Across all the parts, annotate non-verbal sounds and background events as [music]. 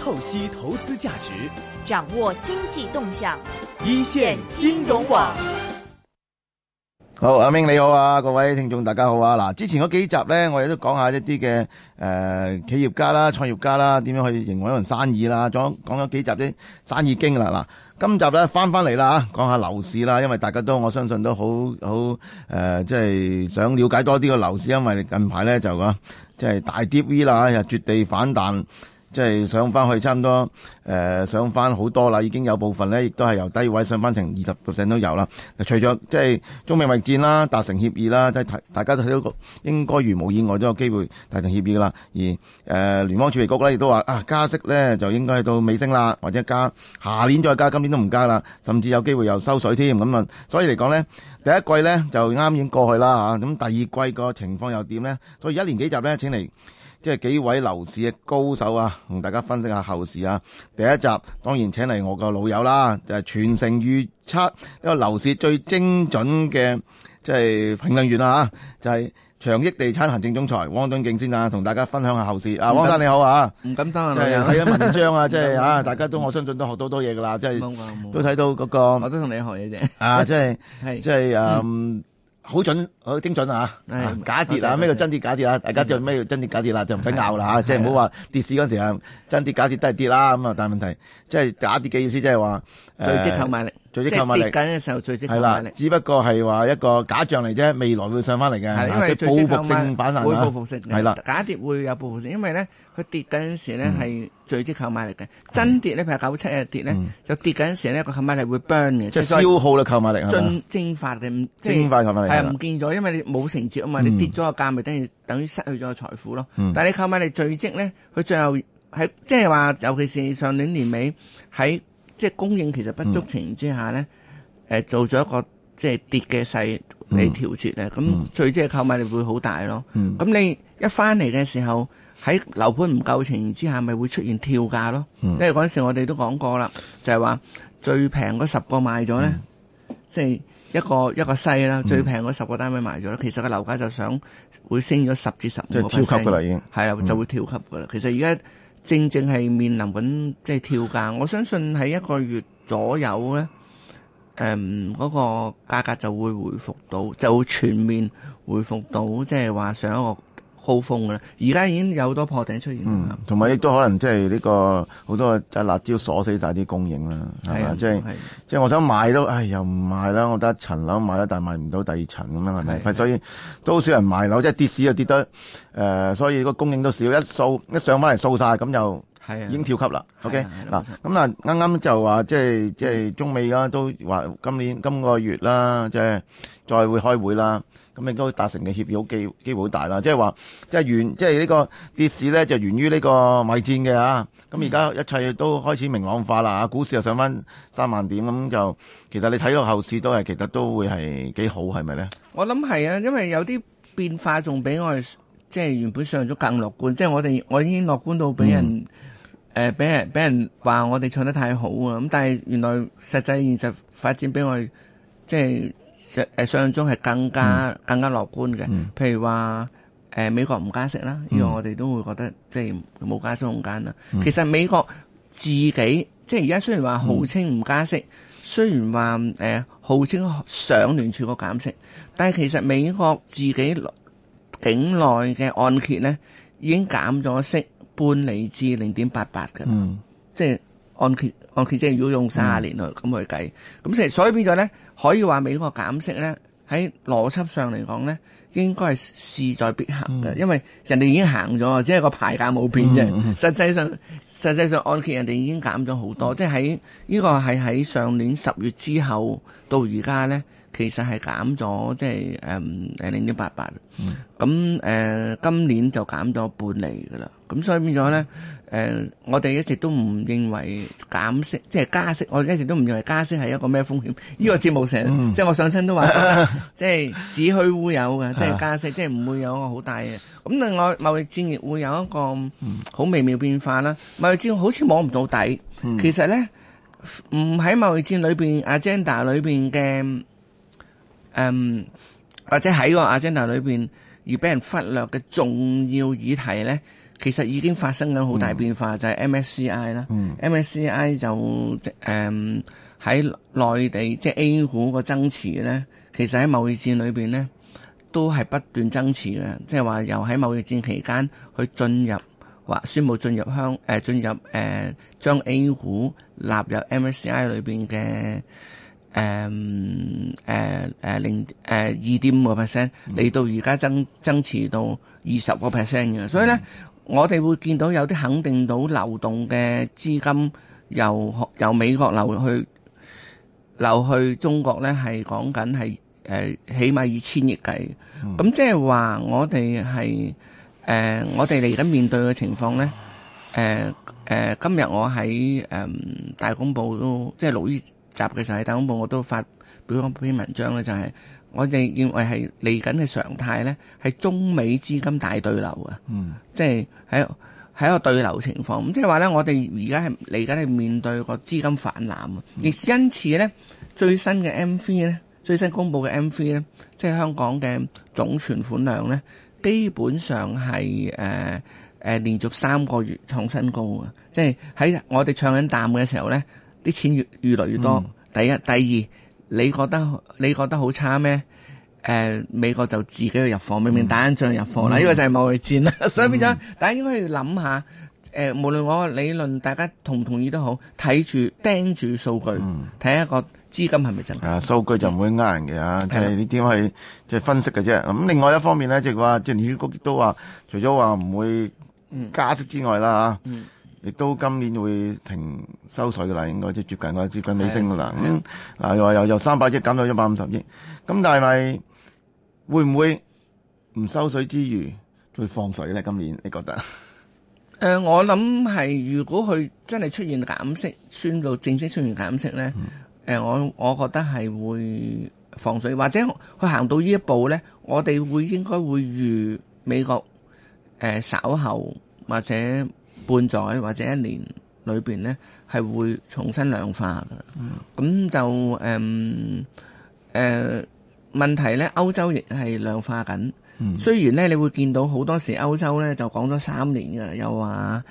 透析投資價值，掌握經濟動向，一線金融網。好，阿明你好啊，各位聽眾大家好啊！嗱，之前嗰幾集咧，我哋都講下一啲嘅誒企業家啦、創業家啦，點樣去營運一份生意啦，講講咗幾集啲生意經啦。嗱，今集咧翻翻嚟啦，講下樓市啦，因為大家都我相信都好好誒，即係、呃、想了解多啲個樓市，因為近排咧就啊，即係大跌 V 啦，又絕地反彈。即係上翻去差唔多，呃、上翻好多啦，已經有部分咧，亦都係由低位上翻成二十 percent 都有啦。除咗即係中美貿易戰啦，達成協議啦，即係大家都睇到個應該如無意外都有機會達成協議啦。而誒、呃、聯邦儲備局咧亦都話啊，加息咧就應該去到尾聲啦，或者加下年再加，今年都唔加啦，甚至有機會又收水添。咁啊，所以嚟講咧，第一季咧就啱啱已經過去啦嚇，咁、啊、第二季個情況又點咧？所以一年幾集咧？請嚟。即係幾位樓市嘅高手啊，同大家分析下後市啊。第一集當然請嚟我個老友啦，就係、是、全城預測一個樓市最精準嘅即係評論員啊吓，就係、是、長益地產行政總裁汪敦敬先啊。同大家分享下後市。啊。汪敢生你好啊，唔敢當啊，係睇文章啊，即係啊，大家都、嗯、我相信都學到多多嘢噶啦，即、就、係、是、都睇到嗰、那個，我都同你學嘢啫，啊，即係係即係好準，好精準啊！哎、假跌啊，咩叫謝真跌假跌啊？大家知道咩叫真跌假跌啦，就唔使拗啦吓，即係唔好話跌市嗰陣時啊，真跌假跌都係跌啦咁啊！但係問題即係、就是、假跌嘅意思，即係話累積購買力。即係跌緊嘅時候，累積力。係啦，只不過係話一個假象嚟啫，未來會上翻嚟嘅。因為累積購買力會報復性。係啦，假跌會有報復性，因為咧佢跌緊時咧係最積購買力嘅，真跌咧譬如九七日跌咧，就跌緊時咧個購買力會 burn 嘅，即係消耗啦購買力係嘛，進蒸發嘅唔即係係啊唔見咗，因為你冇承接啊嘛，你跌咗個價咪等於等於失去咗個財富咯。但係你購買力最積咧，佢最後喺即係話，尤其是上年年尾喺。即係供應其實不足情形之下呢，誒、嗯呃、做咗一個即係跌嘅勢嚟調節咧，咁、嗯、最即係購買力會好大咯。咁、嗯、你一返嚟嘅時候，喺樓盤唔夠情形之下，咪會出現跳價咯。嗯、因為嗰陣時我哋都講過啦，就係、是、話最平嗰十個賣咗呢，嗯、即係一個一個細啦，最平嗰十個單位賣咗咧，嗯、其實個樓價就想會升咗十至十五個 percent，係啊，就會跳級噶啦。嗯、其實而家。正正係面臨緊即係跳價，我相信喺一個月左右咧，誒、嗯、嗰、那個價格就會回復到，就會全面回復到，即係話想好㗎喇，而家已經有好多破頂出現。嗯，同埋亦都可能即係呢個好多就係辣椒鎖死晒啲供應啦，即係即係我想買都，唉、哎，又唔買啦。我得一層樓買啦，但係買唔到第二層咁樣，係咪的、呃？所以都少人買樓，即係跌市就跌得誒，所以個供應都少。一掃，一，掃一上翻嚟掃晒，咁又已經跳級啦。的 OK 嗱，咁啊啱啱就話即係即係中美啦，都話今年今個月啦，即係再會開會啦。咁亦都達成嘅協議好機機會好大啦，就是，即係話即係源即係呢個跌市咧，就源於呢個米戰嘅啊。咁而家一切都開始明朗化啦，啊，股市又上返三萬點，咁就其實你睇到後市都係其實都會係幾好，係咪咧？我諗係啊，因為有啲變化仲比我哋即係原本上咗更樂觀，即係我哋我已經樂觀到俾人誒俾、嗯呃、人俾人話我哋唱得太好啊！咁但係原來實際現實發展比我哋即係。實誒想像中係更加、嗯、更加樂觀嘅，嗯、譬如話誒、呃、美國唔加息啦，呢個、嗯、我哋都會覺得即係冇加息空間啦。嗯、其實美國自己即係而家雖然話號稱唔加息，嗯、雖然話誒、呃、號稱上聯儲個減息，但係其實美國自己境內嘅按揭咧已經減咗息半，半釐至零點八八嘅，即係按揭按揭即係如果用三十年內咁去計，咁所以所以變咗咧。可以話美國減息咧，喺邏輯上嚟講咧，應該係勢在必行嘅，嗯、因為人哋已經行咗，即係個牌價冇變啫。實際上，實際上按揭人哋已經減咗好多，嗯、即係喺呢個係喺上年十月之後到而家咧，其實係減咗，即係誒、呃、零點八八，咁誒、嗯呃、今年就減咗半厘噶啦，咁所以變咗咧。誒、呃，我哋一直都唔認為減息，即、就、係、是、加息，我一直都唔認為加息係一個咩風險？呢、這個節目成，即係我上親都話，即係子虛烏有嘅，即係加息，啊、即係唔會有個好大嘅。咁另外貿易戰亦會有一個好微妙變化啦。貿易戰好似摸唔到底，嗯、其實咧，唔喺貿易戰裏邊，agenda 裏邊嘅，誒、嗯，或者喺個 agenda 裏邊而俾人忽略嘅重要議題咧。其實已經發生緊好大變化，嗯、就係 MSCI 啦。嗯、MSCI 就誒喺內地即 A 股個增持咧，其實喺貿易戰裏邊咧都係不斷增持嘅，即係話由喺貿易戰期間去進入或宣布進入香誒進入誒將、呃、A 股納入 MSCI 裏邊嘅誒誒誒零誒二點五個 percent，嚟到而家增增持到二十個 percent 嘅，所以咧。嗯我哋會見到有啲肯定到流動嘅資金由由美國流去流去中國咧，係講緊係起碼以千億計。咁即係話我哋係誒，我哋嚟緊面對嘅情況咧，誒、呃、誒、呃，今日我喺誒、呃、大公報都即係六二集嘅時候喺大公報我都發表咗篇文章咧，就係、是。我哋認為係嚟緊嘅常態咧，係中美資金大對流啊，嗯、即係喺喺一個對流情況。咁即係話咧，我哋而家係嚟緊係面對個資金泛濫啊。亦、嗯、因此咧，最新嘅 M3 咧，最新公布嘅 M3 咧，即係香港嘅總存款量咧，基本上係誒誒連續三個月創新高啊！即係喺我哋唱緊淡嘅時候咧，啲錢越越嚟越多。嗯、第一，第二。你覺得你覺得好差咩？誒、呃、美國就自己去入貨，嗯、明明打緊仗入貨啦，呢、嗯、個就係貿易戰啦。嗯、 [laughs] 所以變咗，大家應該要諗下，誒、呃、無論我理論，大家同唔同意都好，睇住盯住數據，睇、嗯、一個資金係咪真啊，數據就唔會呃人嘅啊，即係你點去即係分析嘅啫。咁的、嗯、另外一方面咧，就係話即係聯儲局都話，除咗話唔會加息之外啦、啊，嗯嗯亦都今年會停收水噶啦，應該即接近，我係接近尾聲噶啦。又話又由三百億減到一百五十億，咁但係咪會唔會唔收水之餘，再放水咧？今年你覺得？誒、呃，我諗係如果佢真係出現減息，宣到正式出現減息咧、嗯呃，我我覺得係會放水，或者佢行到呢一步咧，我哋會應該會預美國誒、呃、稍後或者。半載或者一年裏面呢，係會重新量化嘅。咁、嗯、就誒誒、嗯呃、問題呢，歐洲亦係量化緊。嗯、雖然呢，你會見到好多時歐洲呢就講咗三年嘅，又話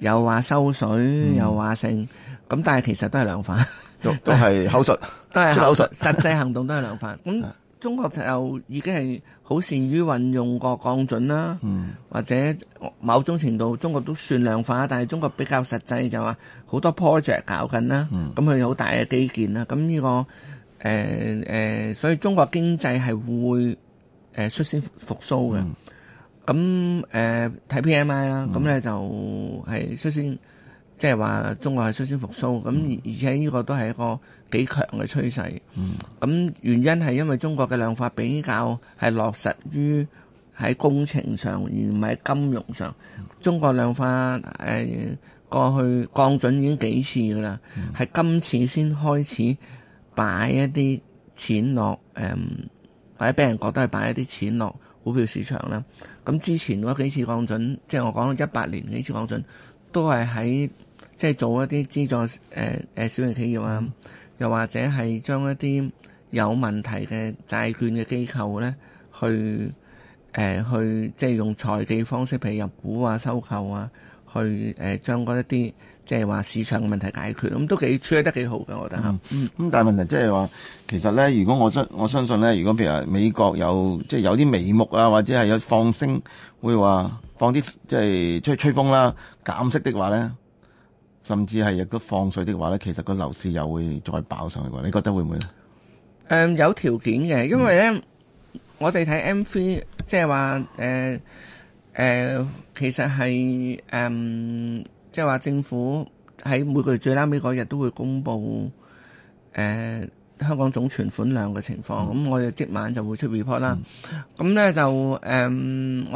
又話收水，嗯、又話升。咁但係其實都係量化，嗯、都都係口述， [laughs] 都係口述，口述實際行動都係量化。 [laughs] 中國就已經係好善於運用個降準啦，嗯、或者某種程度中國都算量化，但係中國比較實際就話好多 project 搞緊啦，咁佢、嗯、有好大嘅基建啦，咁呢、個誒、呃呃、所以中國經濟係會誒、呃、率先復甦嘅。咁誒睇 PMI 啦，咁咧、嗯、就係率先即係話中國係率先復甦，咁而且呢個都係一個。幾強嘅趨勢，咁原因係因為中國嘅量化比較係落實於喺工程上，而唔係金融上。中國量化誒過去降準已經幾次㗎喇，係、嗯、今次先開始擺一啲錢落誒，或者畀人覺得係擺一啲錢落股票市場啦。咁之前嗰幾次降準，即、就、係、是、我講一八年幾次降準，都係喺即係做一啲資助誒誒、呃呃、小型企業啊。嗯又或者係將一啲有問題嘅債券嘅機構咧，去、呃、去即係用財技方式，譬如入股啊、收購啊，去、呃、將嗰一啲即係話市場嘅問題解決，咁都幾處理得幾好嘅，我覺得。嗯，咁但係問題即係話，其實咧，如果我相我相信咧，如果譬如美國有即係、就是、有啲眉目啊，或者係有放聲，會話放啲即係吹吹風啦、啊、減息的話咧。甚至係亦都放水的話咧，其實個樓市又會再爆上去。你覺得會唔會咧、嗯？有條件嘅，因為咧，嗯、我哋睇 M3 即係話、呃呃、其實係、呃、即係話政府喺每個月最拉尾嗰日都會公布誒、呃、香港總存款量嘅情況，咁、嗯、我哋即晚就會出 report 啦。咁咧、嗯、就誒、呃，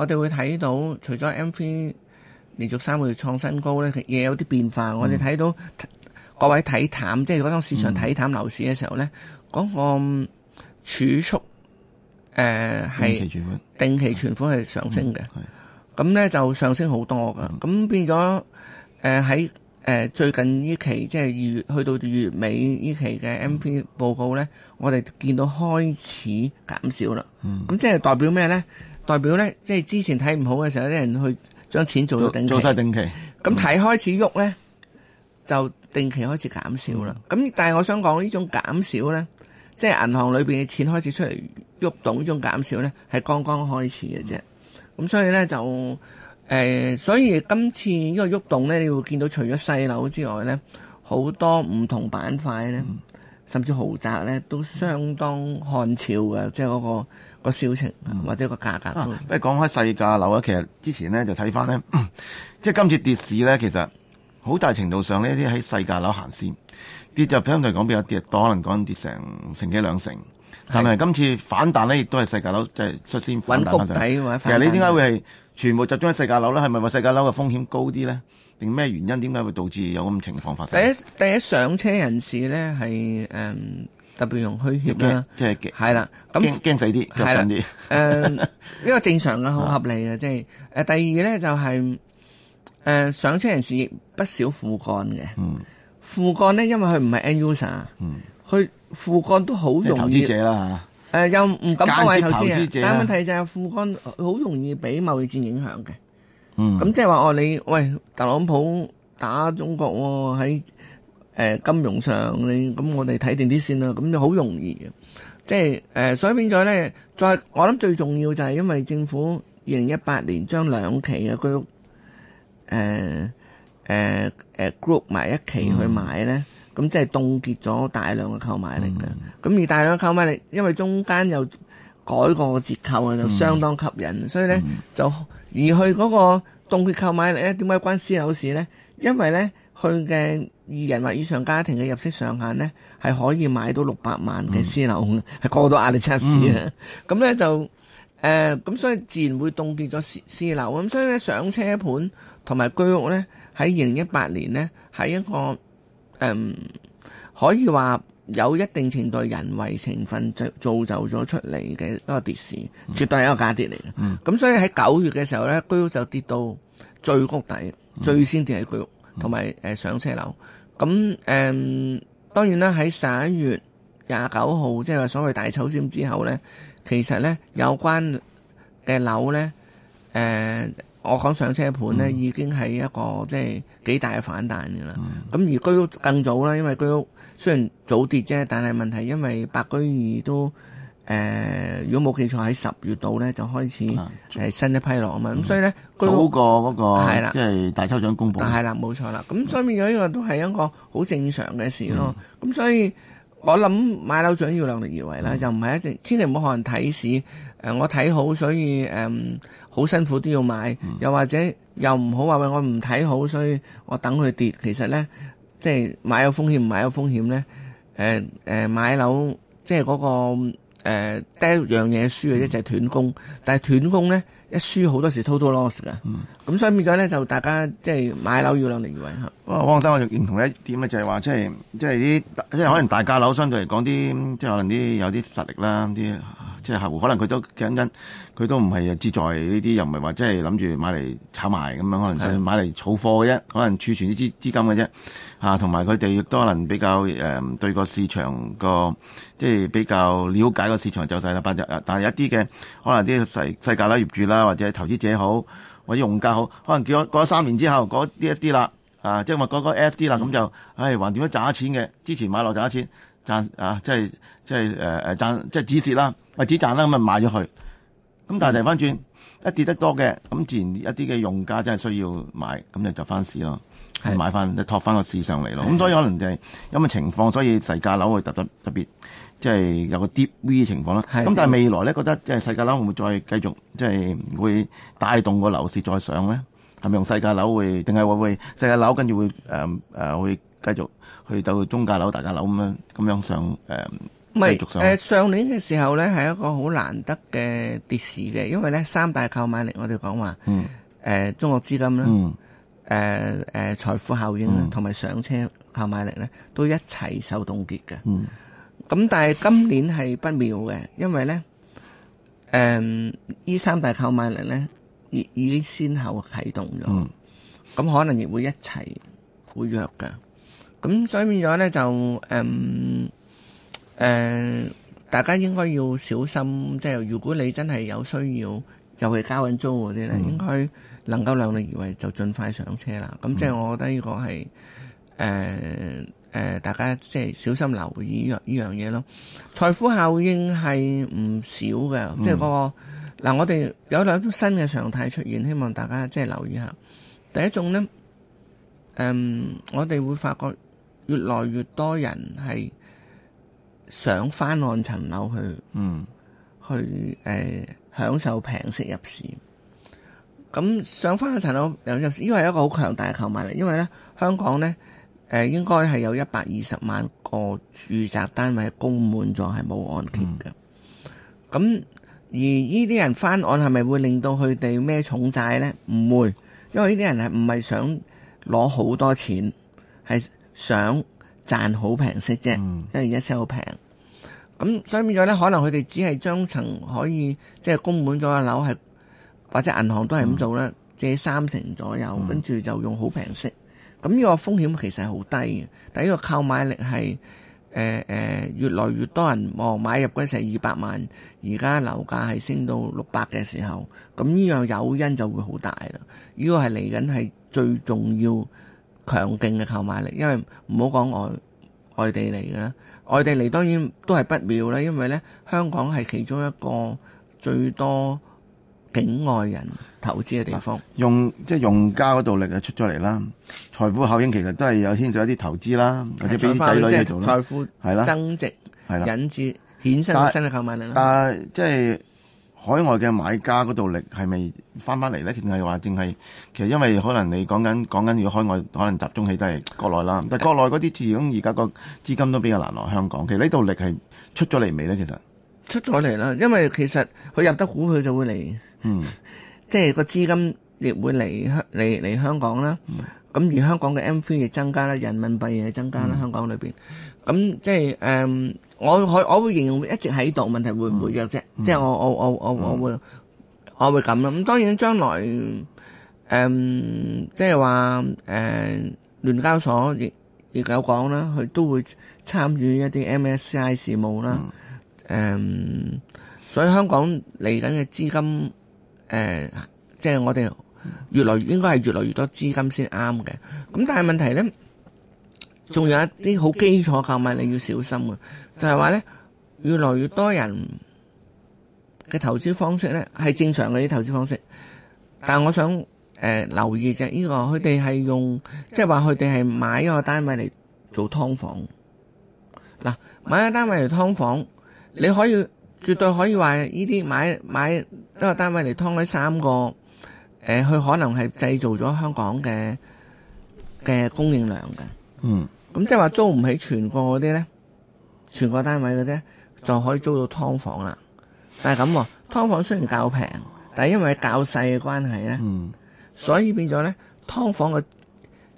我哋會睇到除咗 M3 連續三個月創新高咧，嘢有啲變化。嗯、我哋睇到各位睇淡，嗯、即係當市場睇淡樓市嘅時候咧，嗰、嗯、個儲蓄誒係、呃、定期存款係上升嘅，咁咧、嗯、就上升好多噶。咁、嗯、變咗誒喺誒最近呢期即係二月去到二月尾呢期嘅 M P 報告咧，嗯、我哋見到開始減少啦。咁、嗯、即係代表咩咧？代表咧，即係之前睇唔好嘅時候，啲人去。將錢做到定期，做晒定期。咁睇開始喐呢，嗯、就定期開始減少啦。咁、嗯、但係我想講呢種減少呢，即係銀行裏邊嘅錢開始出嚟喐動，動，呢種減少呢，係剛剛開始嘅啫。咁、嗯、所以呢，就誒、呃，所以今次呢個喐動，動呢，你會見到除咗細樓之外呢，好多唔同板塊呢，嗯、甚至豪宅呢，都相當看俏嘅，即係嗰個。個銷情或者個價格，啊，不如講開細價樓啊！其實之前咧就睇翻咧，即係今次跌市咧，其實好大程度上呢一啲喺細價樓行先跌就，就相對嚟講比較跌多，可能講跌成成幾兩成，係咪的？但係今次反彈咧，亦都係細價樓就係、是、率先反彈翻上。其實你點解會係全部集中喺細價樓咧？係咪話細價樓嘅風險高啲咧？定咩原因？點解會導致有咁情況發生？第一，第一上車人士咧係誒。特別用虛協啦，即係驚，係、就、啦、是，咁驚死啲，係啦，誒呢個正常嘅，好合理嘅，即係誒。第二咧就係、是、誒、呃、上車人士不少副幹嘅，嗯，負幹咧因為佢唔係 End User 啊，嗯，佢副幹都好容易投資者啦嚇，誒又唔敢多投資者，但係問題就係副幹好容易俾貿易戰影響嘅，嗯，咁即係話哦，你喂特朗普打中國喎、哦、喺。誒金融上，你咁我哋睇定啲先啦。咁就好容易嘅，即係誒。所以變咗咧，再我諗最重要就係因為政府二零一八年將兩期嘅居屋 group 埋一期去買咧，咁即係凍結咗大量嘅購買力嘅。咁、嗯、而大量嘅購買力，因為中間又改過折扣啊，就相當吸引，嗯、所以咧、嗯、就而去嗰個凍結購買力咧，點解關私樓市咧？因為咧，佢嘅。二人或以上家庭嘅入息上限呢，係可以買到六百萬嘅私樓的，係、嗯、過到壓力測試啊！咁呢、嗯、 [laughs] 就誒，咁、呃、所以自然會凍結咗私私樓。咁所以咧上車盤同埋居屋呢，喺二零一八年呢，喺一個誒、嗯，可以話有一定程度人為成分造造就咗出嚟嘅一個跌市，嗯、絕對係一個價跌嚟嘅。咁、嗯、所以喺九月嘅時候呢，居屋就跌到最谷底，嗯、最先跌喺居屋，同埋上車樓。咁誒、嗯，當然啦，喺十一月廿九號，即係所謂大抽籤之後呢，其實呢有關嘅樓呢，誒、呃，我講上車盤呢已經係一個即係幾大嘅反彈嘅啦。咁、嗯、而居屋更早啦，因為居屋雖然早跌啫，但係問題因為白居二都。誒、呃，如果冇記錯喺十月度咧，就開始新一批落啊嘛，咁、嗯、所以咧早過嗰、那個即係了大抽獎公佈。係啦，冇錯啦，咁所以有呢個都係一個好正常嘅事咯。咁、嗯、所以我諗買樓，最緊要量力而為啦，嗯、又唔係一定，千祈唔好學人睇市。呃、我睇好所以誒，好、嗯、辛苦都要買，嗯、又或者又唔好話喂，我唔睇好，所以我等佢跌。其實咧，即、就、係、是、買有風險，唔買有風險咧。誒、呃、誒、呃，買樓即係嗰個。呃、第一樣嘢輸嘅就係斷供，但係斷供咧。一輸好多時 total loss 㗎，咁所以變咗咧就大家即係、就是、買樓要諗另外一嚇。嗯、是汪生，我就認同一點啊，就係話即係即係啲即係可能大價樓相對嚟講啲，即係可能啲有啲實力啦，啲即係客戶可能佢都緊張，佢都唔係自在呢啲，又唔係話即係諗住買嚟炒埋咁樣，可能買嚟儲貨嘅啫，的可能儲存啲資金嘅啫，同埋佢哋亦都可能比較、嗯、對個市場個即係、就是、比較了解個市場走勢啦，但係一啲嘅可能啲細細價樓業主啦。或者投資者好，或者用家好，可能幾多過咗三年之後，過啲一啲啦，啊，即係話過 S D 啦，咁就唉還點樣賺咗錢嘅？之前買落賺咗錢，賺啊，即係即係誒誒賺，即係止蝕啦，咪止賺啦，咁咪買咗佢。咁但係嚟翻轉，一跌得多嘅，咁自然一啲嘅用家真係需要買，咁就是就翻市咯，買翻，託翻個市上嚟咯。咁是所以可能就係因為情況，所以細價樓會特別特別。即係有個跌 V 情況啦，咁的但係未來咧，覺得即係細價樓會唔會再繼續，即、就、係、是、會帶動個樓市再上咧？係咪用細價樓會，定係會會細價樓跟住會誒誒、呃呃，會繼續去到中價樓、大價樓咁樣咁樣上誒？唔係誒，繼續上咧？上年嘅時候咧係一個好難得嘅跌市嘅，因為咧三大購買力我哋講話中國資金啦，誒誒、嗯呃、財富效應啦，同埋、嗯、上車購買力咧都一齊受凍結嘅。嗯咁但係今年係不妙嘅，因為呢，誒、嗯，呢三大購買力呢已已經先後啟動咗，咁、嗯、可能亦會一齊會弱嘅，咁、嗯、所以變咗呢，就，誒、嗯，誒、呃，大家應該要小心，即係如果你真係有需要，尤其交緊租嗰啲呢，嗯、應該能夠量力而為就盡快上車啦。咁、嗯、即係我覺得呢個係，誒、呃。誒、呃，大家即係小心留意呢樣呢樣嘢咯。財富效應係唔少嘅，嗯、即係嗰個嗱，我哋有兩種新嘅常態出現，希望大家即係留意一下。第一種咧，誒、呃，我哋會發覺越來越多人係想翻按層樓去，嗯、去誒、呃、享受平息入市。咁上翻按層樓平入市，因、這、為、個、一個好強大嘅購買力，因為咧香港咧。誒應該係有一百二十萬個住宅單位供滿咗，係冇按揭嘅。咁、嗯、而呢啲人翻案係咪會令到佢哋咩重債呢？唔會，因為呢啲人係唔係想攞好多錢，係想賺好平息啫，嗯、因為而家息好平。咁、嗯、所以變咗呢，可能佢哋只係將層可以即係供滿咗嘅樓係，或者銀行都係咁做啦，嗯、借三成左右，跟住、嗯、就用好平息。咁呢個風險其實係好低嘅，但係呢個購買力係、呃呃、越來越多人望、哦、買入嗰陣時係二百萬，而家樓價係升到六百嘅時候，咁呢樣誘因就會好大啦。呢、呢個係嚟緊係最重要強勁嘅購買力，因為唔好講外外地嚟嘅啦，外地嚟當然都係不妙啦，因為咧香港係其中一個最多。境外人投資嘅地方，啊、用即係用家嗰度力就出咗嚟啦。嗯、財富效應其實都係有牽涉一啲投資啦，對或者俾仔女嘅財富係啦，增值係啦，啊、引致衍生嘅新嘅購買力。但係、啊啊、即係海外嘅買家嗰度力係咪翻返嚟咧？定係話定係其實因為可能你講緊講緊要海外可能集中起都係國內啦。但係國內嗰啲始終而家個資金都比較難落香港。其實呢度力係出咗嚟未咧？其實。出咗嚟啦，因為其實佢入得股佢就會嚟，嗯，即係個資金亦會嚟香嚟嚟香港啦。咁而香港嘅 M3 亦增加啦，人民幣亦增加啦，香港裏邊。咁即係誒，我可我會形容一直喺度，問題會唔會嘅啫？即係我我我我我會我會咁啦。咁當然將來誒，即係話誒，聯交所亦亦有講啦，佢都會參與一啲 MSCI 事務啦。誒、嗯，所以香港嚟緊嘅資金，誒、呃，即、就、係、是、我哋越來越應該係越來越多資金先啱嘅。咁但係問題咧，仲有一啲好基礎購物你要小心嘅，就係話咧，越來越多人嘅投資方式咧係正常嘅啲投資方式，但係我想誒、呃、留意就係，呢、這個佢哋係用，即係話佢哋係買一個單位嚟做劏房，嗱，買一個單位嚟劏房。你可以，絕對可以話呢啲買，買一個單位嚟劏開三個，誒、呃，佢可能係製造咗香港嘅嘅供應量嘅。嗯。咁即係話租唔起全國嗰啲咧，全國單位嗰啲就可以租到劏房啦。但係咁喎，劏房雖然較平，但係因為較細嘅關係咧，嗯、所以變咗咧劏房嘅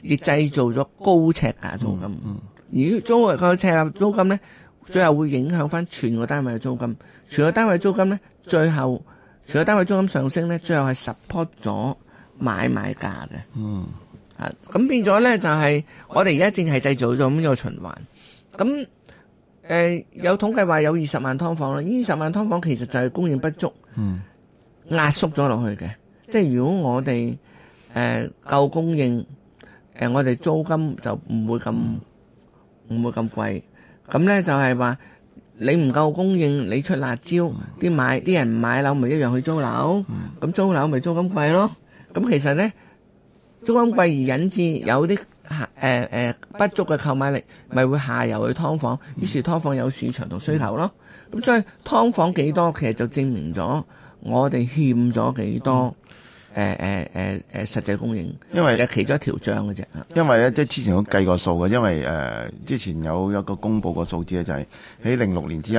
亦製造咗高尺價租金。嗯嗯、而租為尺、呃、價租金咧。最後會影響翻全個單位嘅租金，全個單位租金咧，最後全個單位租金上升咧，最後係 support 咗買賣價嘅。嗯，啊，咁變咗咧就係、是、我哋而家淨係製造咗咁呢個循環。咁誒、呃，有統計話有二十萬劏房啦，呢二十萬劏房其實就係供應不足，壓縮咗落去嘅。即係如果我哋誒夠供應，誒、呃、我哋租金就唔會咁唔、嗯、會咁貴。咁呢就係話你唔夠供應，你出辣椒，啲、嗯、買啲人唔買樓咪一樣去租樓，咁、嗯、租樓咪租金貴咯。咁其實呢，租金貴而引致有啲下誒不足嘅購買力，咪會下游去劏房，於是㓥房有市場同需求咯。咁所以劏房幾多，其實就證明咗我哋欠咗幾多。誒誒誒誒，實際供應，因為其中一咗條章嘅啫。因為咧，即係之前我計過數嘅，因為誒之前有一個公布過數字咧，就係喺零六年至一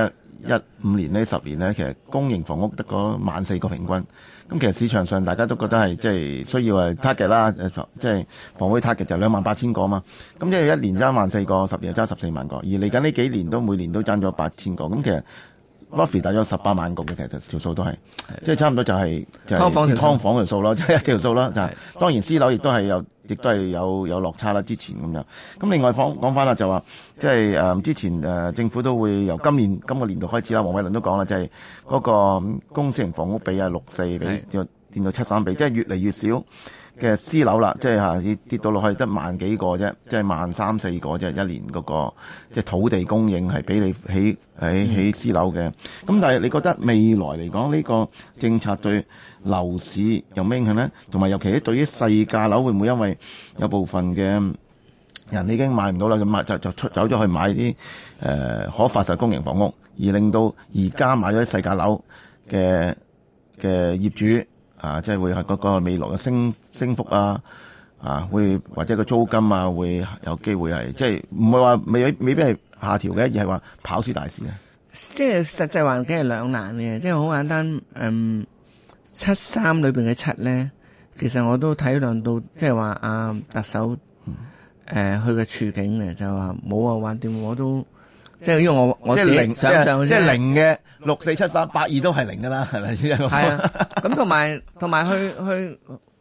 一五年呢十年咧，其實公營房屋得嗰萬四個平均。咁其實市場上大家都覺得係即係需要係 target 啦，即係房屋 target 就兩萬八千個啊嘛。咁即係一年爭萬四個，十年爭十四萬個，而嚟緊呢幾年都每年都爭咗八千個。咁其實。v o f i 大約十八萬個嘅，其實條數都係，的即係差唔多就係、是就是、劏房條房條數咯，即係 [laughs] 一條數啦。當然私樓亦都係有，亦都係有有落差啦。之前咁樣。咁另外講講翻啦，就話即係誒之前誒、呃、政府都會由今年今個年度開始啦。黃偉綸都講啦，即係嗰個公私營房屋比啊六四比，的變到七三比，即係越嚟越少。嘅私樓啦，即係吓跌跌到落去得萬幾個啫，即係萬三四個啫，一年嗰個即係土地供應係俾你起起起私樓嘅。咁但係你覺得未來嚟講呢個政策對樓市有咩影響咧？同埋尤其對於細價樓會唔會因為有部分嘅人已經買唔到啦，就就就出走咗去買啲誒、呃、可發售公營房屋，而令到而家買咗啲細價樓嘅嘅業主？啊，即係會係嗰個未來嘅升升幅啊，啊，會或者個租金啊，會有機會係即係唔係話未未必係下調嘅，而係話跑輸大市啊。即係實際環境係兩難嘅，即係好簡單，嗯，七三裏邊嘅七咧，其實我都體諒到，即係話阿特首誒，佢、呃、嘅處境呢，就話冇啊，橫掂我都。即係呢個我，我係、即係即係、零上上，即係零嘅六四七三八二都係零噶啦，係咪先一個？係啊，咁同埋同埋去去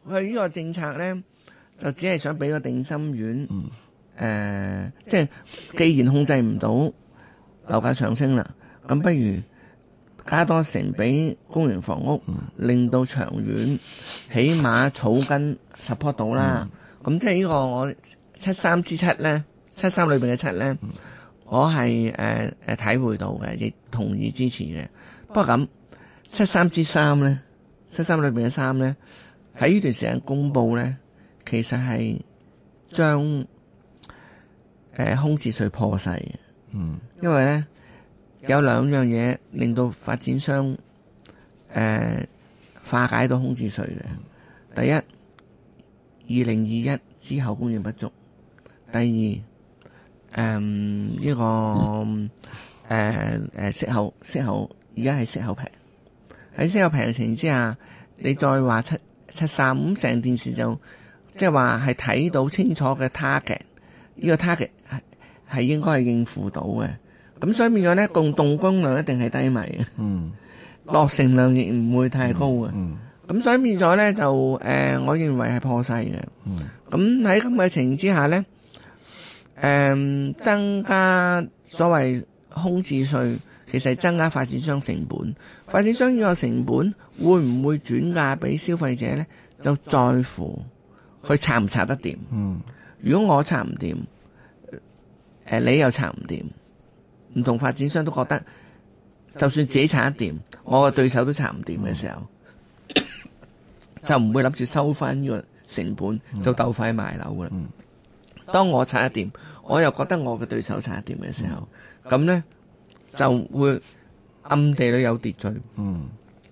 去呢個政策咧，就只係想俾個定心丸。誒、嗯，即係、呃即係、既然控制唔到樓價上升啦，咁不如加多成俾公營房屋，嗯、令到長遠起碼草根 support 到啦。咁即係呢個我七三之七咧，七三裏邊嘅七咧。嗯我係誒誒體會到嘅，亦同意支持嘅。不過咁七三之三咧，七三裏面嘅三咧，喺呢段時間公佈咧，其實係將誒空置稅破曬嘅。嗯，因為咧有兩樣嘢令到發展商誒、呃、化解到空置稅嘅。第一，二零二一之後供應不足；第二。誒，呢、um, 這個誒誒、嗯啊，息口息口，而家係息口平。喺息口平嘅情形之下，你再話七七三五成電視就，即係話係睇到清楚嘅 target，呢個 target 係係應該係應付到嘅。咁、嗯、所以變咗咧，動工量一定係低迷嘅。嗯，落成量亦唔會太高嘅。咁所以變咗咧就誒、呃，我認為係破世嘅。咁喺咁嘅情形之下咧。誒，um, 增加所謂空置稅，其實係增加發展商成本。發展商要有成本，會唔會轉嫁俾消費者呢？就在乎佢查唔查得掂。嗯、如果我查唔掂，誒、呃、你又查唔掂，唔同發展商都覺得，就算自己查得掂，我個對手都查唔掂嘅時候，嗯、 [coughs] 就唔會諗住收翻呢個成本，嗯、就鬥快賣樓噶啦。嗯當我拆一掂，我又覺得我嘅對手拆一掂嘅時候，咁呢就會暗地裏有秩序。嗯，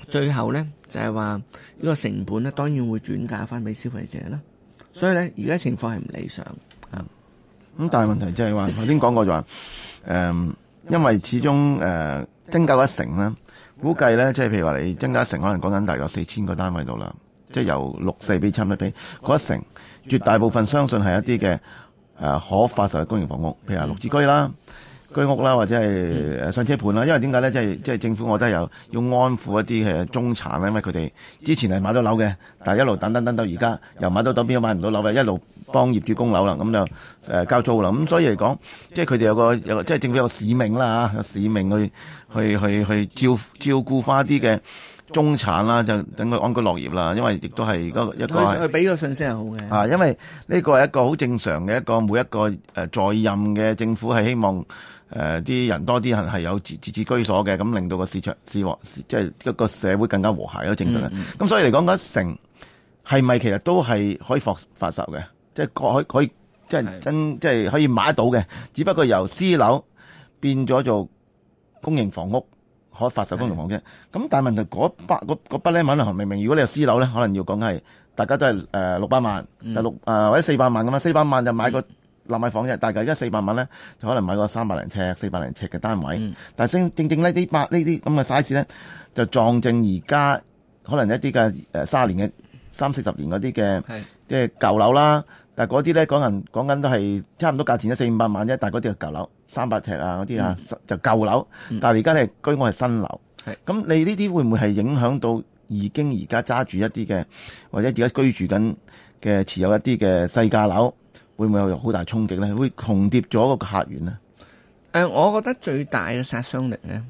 最後呢，就係話呢個成本呢當然會轉嫁翻俾消費者啦。所以呢，而家情況係唔理想。咁但係問題就係話頭先講過就話誒，因為始終誒、呃、增加一成呢，估計呢，即係譬如話你增加一成，可能講緊大概四千個單位度啦，即係由六四比差唔多比嗰一成，絕大部分相信係一啲嘅。誒、啊、可發售嘅公營房屋，譬如話綠置居啦、居屋啦，或者係上車盤啦。因為點解咧？即係即係政府，我覺得有要安撫一啲誒中產咧，因為佢哋之前係買咗樓嘅，但係一路等等等到而家又買到，等邊度買唔到樓咧？一路幫業主供樓啦，咁就誒、啊、交租啦。咁所以嚟講，即係佢哋有個有即係、就是、政府有個使命啦嚇，有使命去去去去照照顧翻一啲嘅。中產啦，就等佢安居樂業啦，因為亦都係一個，個一個。佢俾個信息係好嘅。啊，因為呢個係一個好正常嘅一個每一個在任嘅政府係希望誒啲人多啲人係有自置居所嘅，咁令到個市場市即係個社會更加和諧咯，正常嘅。咁所以嚟講，嗰一成係咪其實都係可以發售嘅，即係可可即係真即係可以買得到嘅，只不過由私樓變咗做公營房屋。可以發售公營房啫，咁的但係問題嗰筆嗰嗰文明明如果你有私樓咧，可能要講係大家都係誒六百萬，嗯、就六或者四百萬咁啦，四百萬就買個樓買房啫，但係大家而家四百萬咧，就可能買個三百零尺、四百零尺嘅單位，嗯、但係正正這這呢呢八呢啲咁嘅 size 咧，就撞正而家可能一啲嘅卅年嘅三四十年嗰啲嘅即係舊樓啦。但嗰啲咧講緊講緊都係差唔多價錢一四五百萬啫，但嗰啲係舊樓三百呎啊嗰啲啊，就舊樓。啊舊樓嗯嗯、但係而家呢，居屋係新樓，咁是你呢啲會唔會係影響到已經而家揸住一啲嘅，或者而家居住緊嘅持有一啲嘅細價樓，會唔會有好大衝擊咧？會重疊咗個客源咧、呃？我覺得最大嘅殺傷力咧，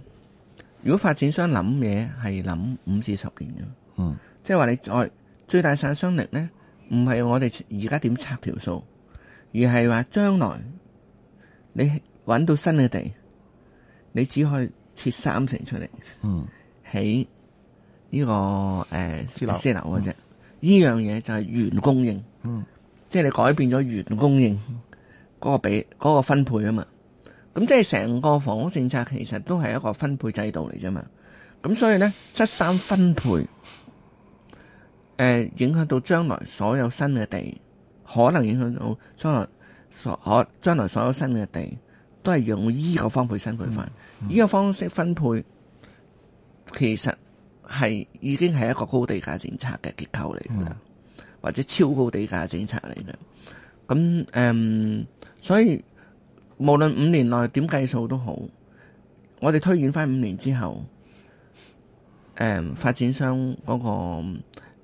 如果發展商諗嘢係諗五至十年嘅，嗯，即係話你再最大殺傷力咧。唔係我哋而家點拆條數，而係話將來你揾到新嘅地，你只可以拆三成出嚟，起呢、呢個誒私、呃、樓嘅啫。呢、嗯、樣嘢就係原供應，嗯、即係你改變咗原供應嗰個比嗰、嗯、個分配啊嘛。咁即係成個房屋政策其實都係一個分配制度嚟啫嘛。咁所以咧，七三分配。誒影響到將來所有新嘅地，可能影響到將來所可將來所有新嘅地都係用依個方配新配法，依、嗯嗯、個方式分配其實係已經係一個高地價政策嘅結構嚟啦，嗯、或者超高地價政策嚟嘅。咁誒、嗯，所以無論五年內點計數都好，我哋推演翻五年之後，誒、嗯、發展商嗰、那個。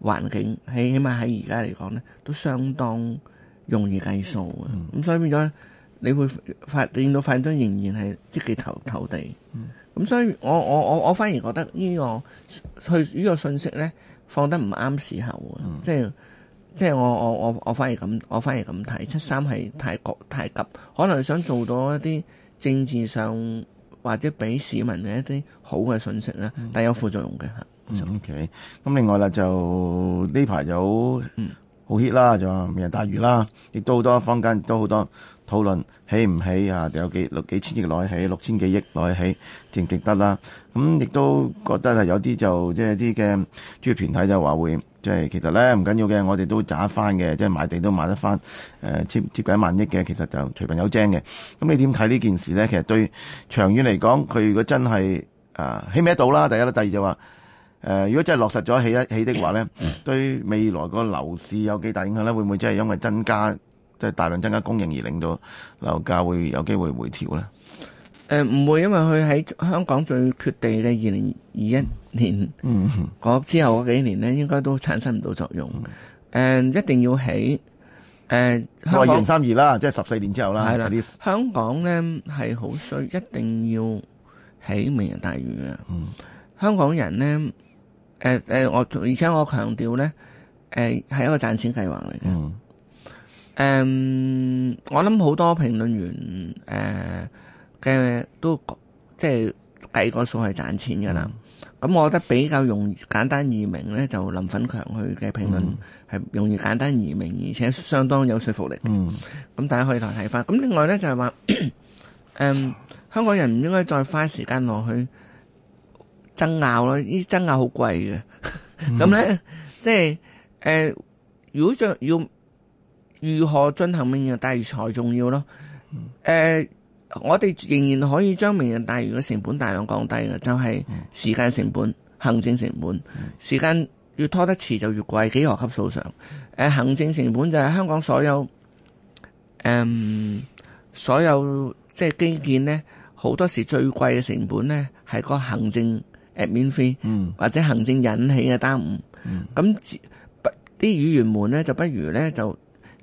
環境起碼喺而家嚟講咧，都相當容易計數嘅，咁、嗯、所以變咗你會發令到快中，仍然係積極投投地。咁、嗯、所以我，我我我我反而覺得呢、這個去呢、這個信息咧放得唔啱時候、嗯、即係即係我我我我反而咁，我反而咁睇七三係太太急，可能想做到一啲政治上或者俾市民嘅一啲好嘅信息咧，嗯、但有副作用嘅 O.K. 咁、嗯嗯、另外啦，就呢排就好 hit 啦，嗯、就明日大嶼啦，亦都好多坊間都好多討論起唔起啊？有幾六幾千億內，起，六千幾億內，起，正極得啦？咁亦都覺得係有啲就即係啲嘅主要團體就話會即係、就是、其實咧唔緊要嘅，我哋都賺返翻嘅，即、就、係、是、買地都買得翻誒，貼、呃、接，接近萬億嘅，其實就隨便有精嘅。咁你點睇呢件事咧？其實對長遠嚟講，佢如果真係、呃、起咩到啦，第一啦，第二就話。誒、呃，如果真係落實咗起一起的話呢 [coughs] 對未來個樓市有幾大影響呢？會唔會真係因為增加即係、就是、大量增加供應而令到樓價會有機會回調呢？誒唔、呃、會，因為佢喺香港最缺定地嘅二零二一年，嗯，嗰之後嗰幾年呢，應該都產生唔到作用。誒、嗯嗯呃，一定要起誒，二零三二啦，即係十四年之後啦。係啦的，at least. 香港呢係好衰，一定要起明日大嶼啊！嗯、香港人呢。誒誒、呃，我而且我強調咧，誒、呃、係一個賺錢計劃嚟嘅。嗯。誒、嗯，我諗好多評論員誒嘅、呃、都即係計過數係賺錢㗎喇。咁、嗯、我覺得比較容易簡單易明咧，就林奮強佢嘅評論係容易簡單易明，而且相當有說服力嗯嗯。嗯。咁大家可以嚟睇翻。咁另外咧就係、是、話，誒、 [coughs] 嗯，香港人唔應該再花時間落去。爭拗咯，呢啲爭拗好貴嘅。咁、嗯、 [laughs] 呢，即係如果要如何進行明日大嶼才重要咯？誒、呃，我哋仍然可以將明日大嶼嘅成本大量降低嘅，就係、是、時間成本、行政成本。時間越拖得遲就越貴，幾何級數上，呃、行政成本就係香港所有、呃、所有即係、就是、基建呢，好多時最貴嘅成本呢，係個行政。誒免費，或者行政引起嘅耽誤，咁不啲議員們咧就不如咧就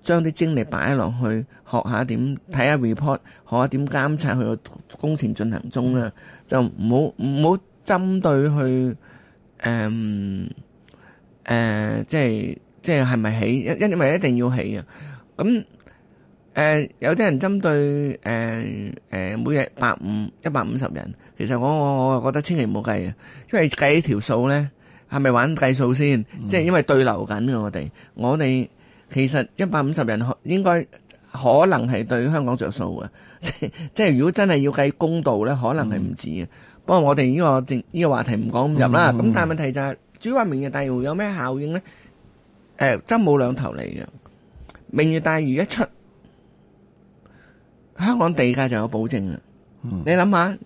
將啲精力擺落去學下點睇下 report，學下點監察佢個工程進行中啦，就唔好唔好針對去誒誒，即係即係係咪起一因為一定要起啊，咁。誒、呃，有啲人針對誒誒、呃呃，每日百五一百五十人，其實我我我覺得千祈唔好計啊，因為計條數咧係咪玩計數先？嗯、即係因為對流緊嘅我哋，我哋其實一百五十人應該可能係對香港着數嘅，即即係如果真係要計公道咧，可能係唔止啊。嗯、不過我哋呢、這個正呢、這個話題唔講咁入啦。咁、嗯、但係問題就係、是，主要話明日大嶼有咩效應咧？誒、呃，真冇兩頭嚟嘅，明日大嶼一出。香港地價就有保證啦。嗯、你諗下，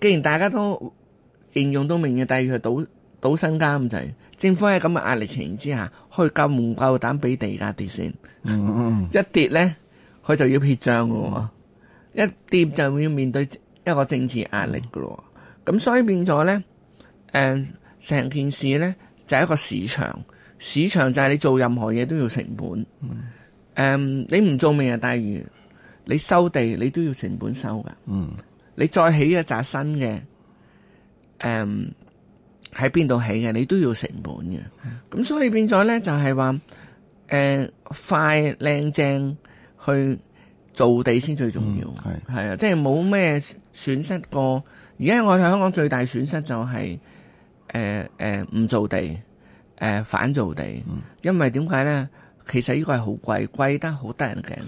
既然大家都應用到明嘅，例如去賭賭身家咁，政府喺咁嘅壓力情形之下，去夠唔夠膽俾地價跌先？嗯、 [laughs] 一跌呢，佢就要撇賬㗎喎。嗯、一跌就會要面對一個政治壓力㗎咯。咁、嗯、所以變咗呢，誒、呃，成件事呢就係、是、一個市場，市場就係你做任何嘢都要成本。誒、嗯呃，你唔做命的，明日例如。你收地你都要成本收噶，嗯、你再起一扎新嘅，誒、嗯，喺邊度起嘅你都要成本嘅，咁所以變咗咧就係話，誒、呃，快靚正去做地先最重要，係啊、嗯，即係冇咩損失過。而家我睇香港最大損失就係、是，誒誒唔做地，誒、呃、反做地，嗯、因為點解咧？其實呢個係好貴，貴得好得人驚。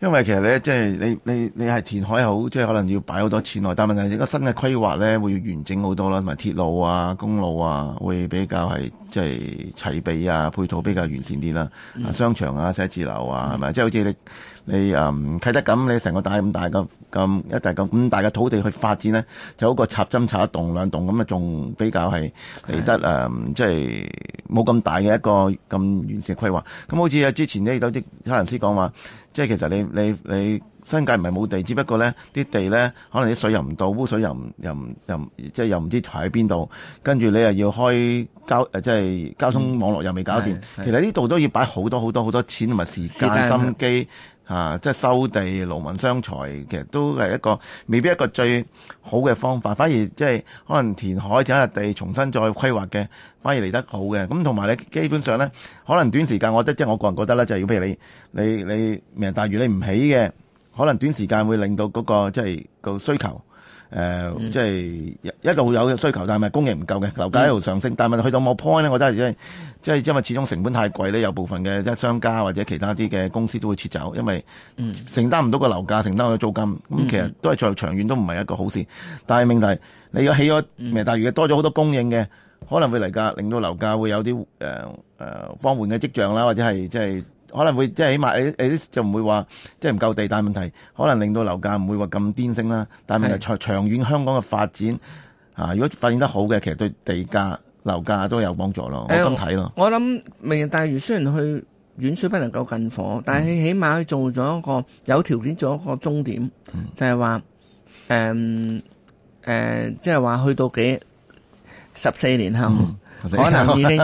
因為其實咧，即、就、係、是、你你你係填海又好，即、就、係、是、可能要擺好多錢落。但問題個新嘅規劃咧，會要完整好多啦，同埋鐵路啊、公路啊，會比較係即係齊備啊，配套比較完善啲啦。啊，商場啊、寫字樓啊，係咪、嗯？即係、就是、好似你你誒啟德咁，你成、嗯、個大咁大咁咁一大咁咁大嘅土地去發展咧，就好過插針插一棟兩棟咁啊，仲比較係嚟得誒，即係冇咁大嘅一個咁完善嘅規劃。咁好似啊，之前咧都啲黑人師講話，即、就、係、是、其實你。你你新界唔係冇地，只不過咧啲地咧可能啲水又唔到，污水又唔又唔又即係又唔知排喺邊度，跟住你又要開交誒，即係交通網絡又未搞掂，其實呢度都要擺好多好多好多錢同埋時間心機。啊！即係收地，勞民傷財，其實都係一個未必一個最好嘅方法，反而即、就、係、是、可能填海、填下地、重新再規劃嘅，反而嚟得好嘅。咁同埋你基本上咧，可能短時間，我覺得，即、就、係、是、我個人覺得咧，就係、是、要譬如你你你明日大嶼你唔起嘅，可能短時間會令到嗰、那個即係、就是、個需求。誒，即係、呃嗯、一路有嘅需求，但係咪供應唔夠嘅樓價一路上升，嗯、但係去到某 point 咧，我真係即係即係，就是、因為始終成本太貴咧，有部分嘅即係商家或者其他啲嘅公司都會撤走，因為承擔唔到個樓價，承擔到租金咁，其實都係最長遠都唔係一個好事。但係，問題，你如果起咗，例如果多咗好多供應嘅，可能會嚟價，令到樓價會有啲誒誒放緩嘅跡象啦，或者係即係。就是可能會即係起碼，你你就唔會話即係唔夠地，但係問題可能令到樓價唔會話咁癲升啦。但係問題長長遠香港嘅發展，嚇是、啊、如果發展得好嘅，其實對地價樓價都有幫助咯、欸。我咁睇咯。我諗明日大嶼雖然去遠水不能夠近火，但係起碼去做咗一個、嗯、有條件做一個終點，嗯、就係話誒誒，即係話去到幾十四年後，嗯、可能已經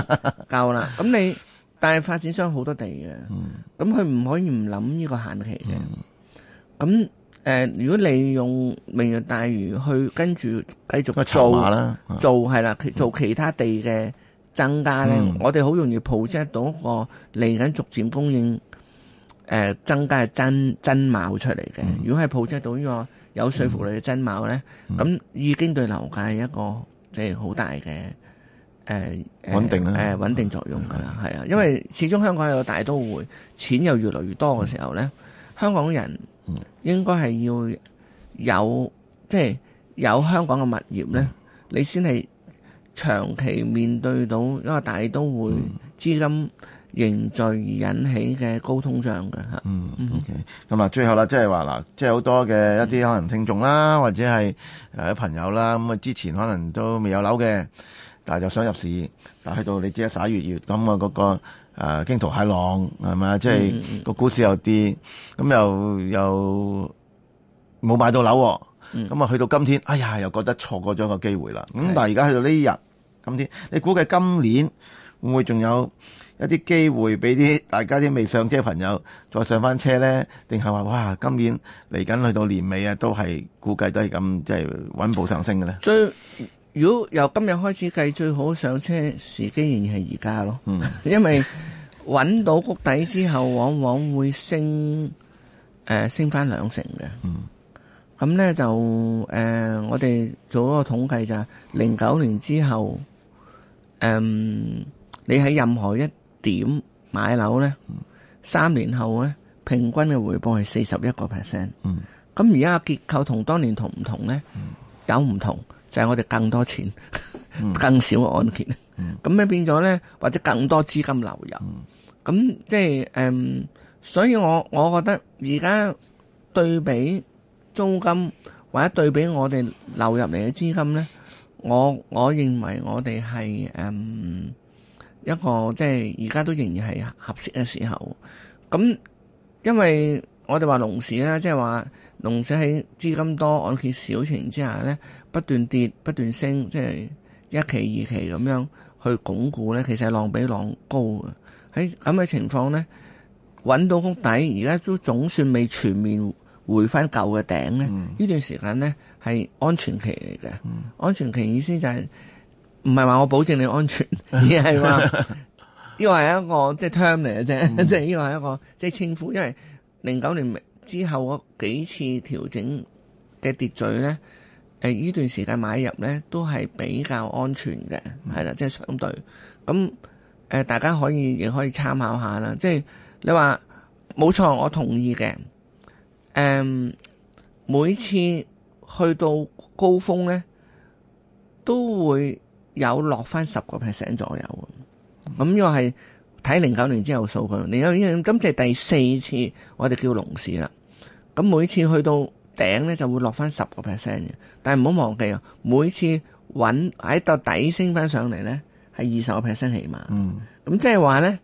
夠啦。咁 [laughs] 你？但係發展商好多地嘅，咁佢唔可以唔諗呢個限期嘅。咁誒、嗯呃，如果利用明日大嶼去跟住繼續做做係啦、嗯，做其他地嘅增加呢，嗯、我哋好容易捕捉到一個嚟緊逐漸供應誒、呃、增加嘅真真貌出嚟嘅。嗯、如果係捕捉到呢個有說服力嘅真貌呢，咁、嗯、已經對樓價係一個即係好大嘅。嗯誒，穩、呃呃、定啦、啊，誒、呃，穩定作用噶啦，係啊的，的因為始終香港有個大都會，錢又越來越多嘅時候咧，嗯、香港人應該係要有，嗯、即係有香港嘅物業咧，嗯、你先係長期面對到一個大都會資金凝聚而引起嘅高通脹嘅吓。嗯，的嗯，OK，咁嗱，最後啦、就是，即係話嗱，即係好多嘅一啲可能聽眾啦，嗯、或者係誒朋友啦，咁啊，之前可能都未有樓嘅。但係就想入市，但係到你只係耍月月咁啊！嗰、那個誒驚濤駭浪係咪啊？即係個股市又跌，咁又又冇買到樓，咁啊、嗯、去到今天，哎呀又覺得錯過咗個機會啦！咁的但係而家去到呢日，今天你估計今年會唔會仲有一啲機會俾啲大家啲未上車朋友再上翻車咧？定係話哇，今年嚟緊去到年尾啊，都係估計都係咁即係穩步上升嘅咧？如果由今日開始計，最好上車時機仍然係而家咯。嗯，mm. 因為揾到谷底之後，往往會升，誒、呃、升翻兩成嘅。嗯、mm.，咁咧就誒、呃，我哋做咗個統計咋、就係，零九、mm. 年之後，誒、呃，你喺任何一點買樓咧，mm. 三年後咧，平均嘅回報係四十一個 percent。嗯，咁而家嘅結構同當年同唔、mm. 同咧，有唔同。就係我哋更多錢，更少嘅按揭咁咧、嗯、變咗咧，或者更多資金流入，咁即係誒，就是 um, 所以我我覺得而家對比租金或者對比我哋流入嚟嘅資金咧，我我認為我哋係誒一個即係而家都仍然係合適嘅時候，咁因為我哋話樓市咧，即係話。弄死喺資金多按揭少情之下咧，不斷跌，不斷升，即、就、係、是、一期二期咁樣去鞏固咧。其實係浪比浪高嘅，喺咁嘅情況咧，揾到谷底而家都總算未全面回返舊嘅頂咧。呢、嗯、段時間咧係安全期嚟嘅，嗯、安全期意思就係唔係話我保證你安全， [laughs] 而係話呢個係一個即係、就是、term 嚟嘅啫，即係呢個係一個即係、就是、稱呼，因為零九年之後嗰幾次調整嘅秩序咧，呃、呢段時間買入咧都係比較安全嘅，係啦、嗯，即係相對。咁、呃、大家可以亦可以參考下啦，即係你話冇錯，我同意嘅、嗯。每次去到高峰咧，都會有落翻十個 percent 左右嘅，咁又係。睇零九年之後數據，零九年今次係第四次，我哋叫龍市啦。咁每次去到頂咧，就會落翻十個 percent 嘅。但係唔好忘記啊，每次揾喺到底升翻上嚟咧，係二十個 percent 起碼。咁即係話咧，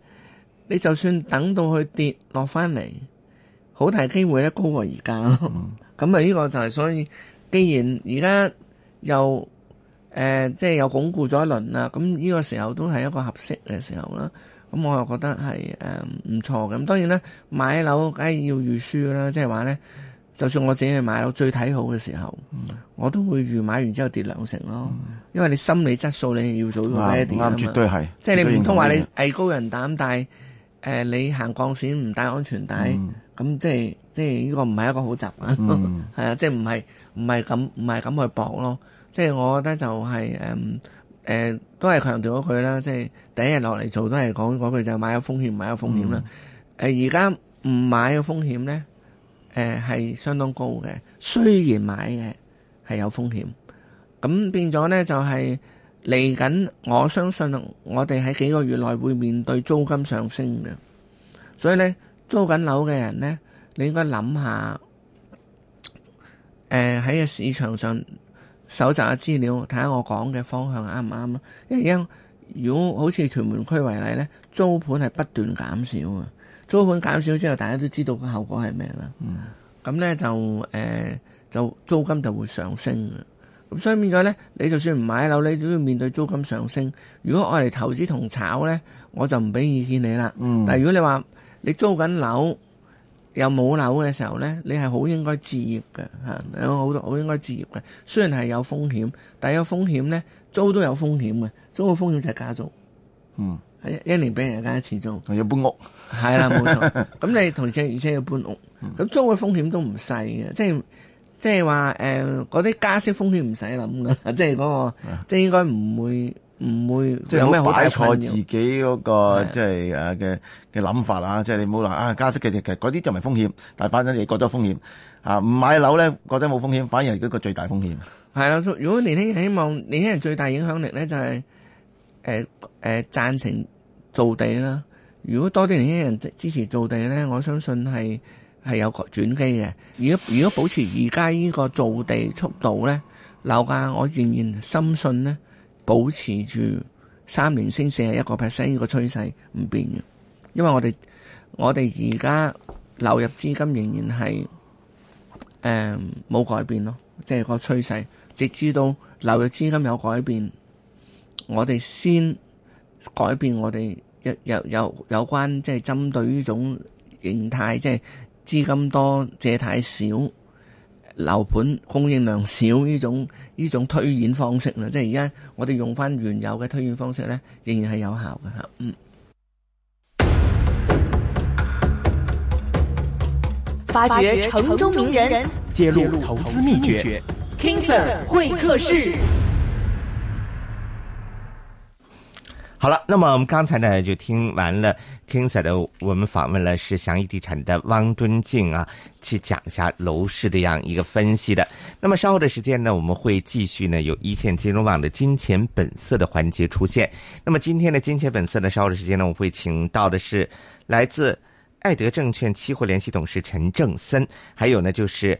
你就算等到佢跌落翻嚟，好大機會咧，高過而家咯。咁啊，呢個就係、是、所以，既然而家又誒、呃，即係又鞏固咗一輪啦，咁呢個時候都係一個合適嘅時候啦。咁我又覺得係誒唔錯嘅。咁、嗯、當然啦，買樓梗係要預輸噶啦，即係話咧，就算我自己去買樓最睇好嘅時候，嗯、我都會預買完之後跌兩成咯。嗯、因為你心理質素你要做到呢一點啱，絕對係。即係你唔通話你藝高人膽，大、呃，你行鋼線唔帶安全帶，咁、嗯、即係即係呢個唔係一個好習慣，啊、嗯， [laughs] 即係唔係唔係咁唔係咁去搏咯。即係我覺得就係、是、誒。嗯誒，都係強調咗佢啦，即係第一日落嚟做都係講嗰句就買有風險，買有風險啦。誒，而家唔買嘅風險咧，誒係相當高嘅。雖然買嘅係有風險，咁變咗咧就係嚟緊。我相信我哋喺幾個月內會面對租金上升嘅，所以咧租緊樓嘅人咧，你應該諗下，誒喺個市場上。搜集資料，睇下我講嘅方向啱唔啱咯。因為如果好似屯門區為例咧，租盤係不斷減少啊，租盤減少之後，大家都知道個效果係咩啦。咁呢、嗯，就誒、呃、就租金就會上升啊。咁所以變咗呢，你就算唔買樓，你都要面對租金上升。如果我嚟投資同炒呢，我就唔俾意見你啦。嗯、但係如果你話你租緊樓，又冇樓嘅時候咧，你係好應該置業嘅吓，有好多好應該置業嘅。雖然係有風險，但有個風險咧，租都有風險嘅，租嘅風險就係加租，嗯，一一年俾人家一次租。要搬屋，係啦，冇錯。咁 [laughs] 你同時而且要搬屋，咁租嘅風險都唔細嘅，即係即係話誒嗰啲加息風險唔使諗嘅，即係嗰個即係、即係、應該唔會。唔會即係有咩好擺自己嗰個即係誒嘅嘅諗法啊！即係你唔好話啊加息嘅嘅，嗰啲就係風險。但係反正你覺得風險啊，唔買樓咧覺得冇風險，反而係一個最大風險。係啊，如果年輕人希望年輕人最大影響力咧、就係，就係誒誒贊成造地啦。如果多啲年輕人支持造地咧，我相信係係有轉機嘅。如果如果保持而家呢個造地速度咧，樓價我仍然深信咧。保持住三年升四十一個 percent 呢個趨勢唔變嘅，因為我哋我哋而家流入資金仍然係誒冇改變咯，即係個趨勢，直至到流入資金有改變，我哋先改變我哋有有有有關即係針對呢種形態，即係資金多借貸少。樓盤供應量少，呢種呢種推演方式啦，即係而家我哋用翻原有嘅推演方式咧，仍然係有效嘅吓。嗯。發掘城中名人，揭露投資秘訣，King Sir 會客室。好了，那麼我們剛才呢就聽完了 KingSir 的，我們訪問了是祥益地產的汪敦敬啊，去講一下樓市的樣一個分析的。那麼稍後的時間呢，我們會繼續呢有一線金融網的“金錢本色”的環節出現。那麼今天的“金錢本色”的稍後的時間呢，我會請到的是來自愛德證券期貨聯繫董事陳正森，還有呢就是。